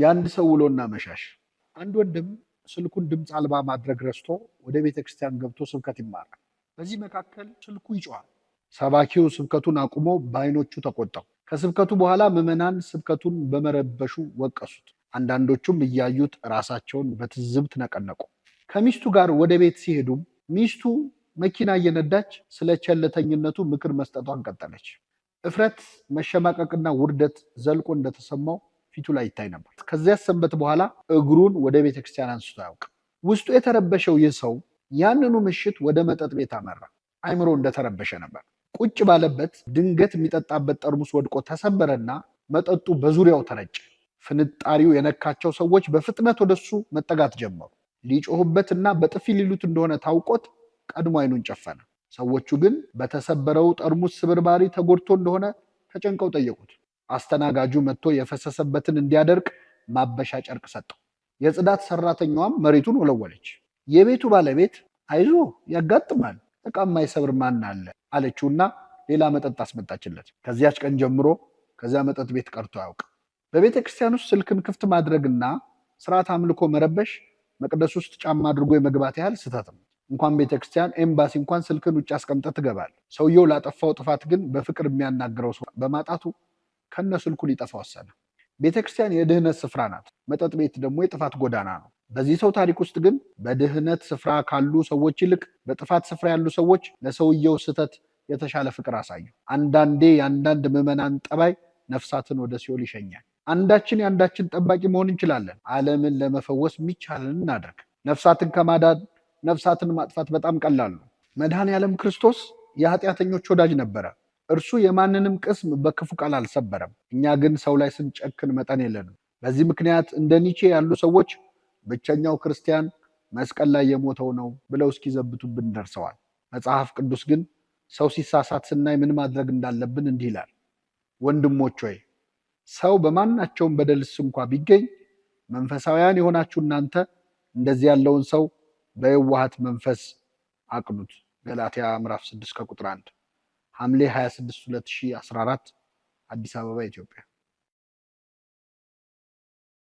የአንድ ሰው ውሎና መሻሽ። አንድ ወንድም ስልኩን ድምፅ አልባ ማድረግ ረስቶ ወደ ቤተ ክርስቲያን ገብቶ ስብከት ይማራል። በዚህ መካከል ስልኩ ይጮሃል። ሰባኪው ስብከቱን አቁሞ በአይኖቹ ተቆጣው። ከስብከቱ በኋላ ምዕመናን ስብከቱን በመረበሹ ወቀሱት። አንዳንዶቹም እያዩት ራሳቸውን በትዝብት ነቀነቁ። ከሚስቱ ጋር ወደ ቤት ሲሄዱም ሚስቱ መኪና እየነዳች ስለ ቸለተኝነቱ ምክር መስጠቷን ቀጠለች። እፍረት መሸማቀቅና ውርደት ዘልቆ እንደተሰማው ፊቱ ላይ ይታይ ነበር። ከዚያ ሰንበት በኋላ እግሩን ወደ ቤተክርስቲያን አንስቶ አያውቅም። ውስጡ የተረበሸው ይህ ሰው ያንኑ ምሽት ወደ መጠጥ ቤት አመራ። አይምሮ እንደተረበሸ ነበር። ቁጭ ባለበት ድንገት የሚጠጣበት ጠርሙስ ወድቆ ተሰበረና መጠጡ በዙሪያው ተረጨ። ፍንጣሪው የነካቸው ሰዎች በፍጥነት ወደሱ መጠጋት ጀመሩ። ሊጮሁበትና በጥፊ ሊሉት እንደሆነ ታውቆት ቀድሞ አይኑን ጨፈነ። ሰዎቹ ግን በተሰበረው ጠርሙስ ስብርባሪ ተጎድቶ እንደሆነ ተጨንቀው ጠየቁት። አስተናጋጁ መጥቶ የፈሰሰበትን እንዲያደርቅ ማበሻ ጨርቅ ሰጠው። የጽዳት ሰራተኛዋም መሬቱን ወለወለች። የቤቱ ባለቤት አይዞ ያጋጥማል፣ ዕቃ የማይሰብር ማን አለ አለችውና ሌላ መጠጥ አስመጣችለት። ከዚያች ቀን ጀምሮ ከዚያ መጠጥ ቤት ቀርቶ አያውቅም። በቤተ ክርስቲያን ውስጥ ስልክን ክፍት ማድረግና ስርዓት አምልኮ መረበሽ መቅደስ ውስጥ ጫማ አድርጎ የመግባት ያህል ስህተት ነው። እንኳን ቤተ ክርስቲያን ኤምባሲ እንኳን ስልክን ውጭ አስቀምጠ ትገባል። ሰውየው ላጠፋው ጥፋት ግን በፍቅር የሚያናግረው ሰው በማጣቱ ከነ ስልኩ ሊጠፋ ወሰነ። ቤተክርስቲያን የድህነት ስፍራ ናት፣ መጠጥ ቤት ደግሞ የጥፋት ጎዳና ነው። በዚህ ሰው ታሪክ ውስጥ ግን በድህነት ስፍራ ካሉ ሰዎች ይልቅ በጥፋት ስፍራ ያሉ ሰዎች ለሰውየው ስህተት የተሻለ ፍቅር አሳዩ። አንዳንዴ የአንዳንድ ምዕመናን ጠባይ ነፍሳትን ወደ ሲኦል ይሸኛል። አንዳችን የአንዳችን ጠባቂ መሆን እንችላለን። ዓለምን ለመፈወስ የሚቻለን እናደርግ። ነፍሳትን ከማዳን ነፍሳትን ማጥፋት በጣም ቀላል ነው። መድኃኔ ዓለም ክርስቶስ የኃጢአተኞች ወዳጅ ነበረ። እርሱ የማንንም ቅስም በክፉ ቃል አልሰበረም። እኛ ግን ሰው ላይ ስንጨክን መጠን የለንም። በዚህ ምክንያት እንደ ኒቼ ያሉ ሰዎች ብቸኛው ክርስቲያን መስቀል ላይ የሞተው ነው ብለው እስኪዘብቱብን ደርሰዋል። መጽሐፍ ቅዱስ ግን ሰው ሲሳሳት ስናይ ምን ማድረግ እንዳለብን እንዲህ ይላል፣ ወንድሞች ሆይ ሰው በማናቸውም በደልስ እንኳ ቢገኝ መንፈሳውያን የሆናችሁ እናንተ እንደዚህ ያለውን ሰው በየዋሃት መንፈስ አቅኑት። ገላትያ ምዕራፍ 6 ከቁጥር 1 ሐምሌ 26 2014 አዲስ አበባ ኢትዮጵያ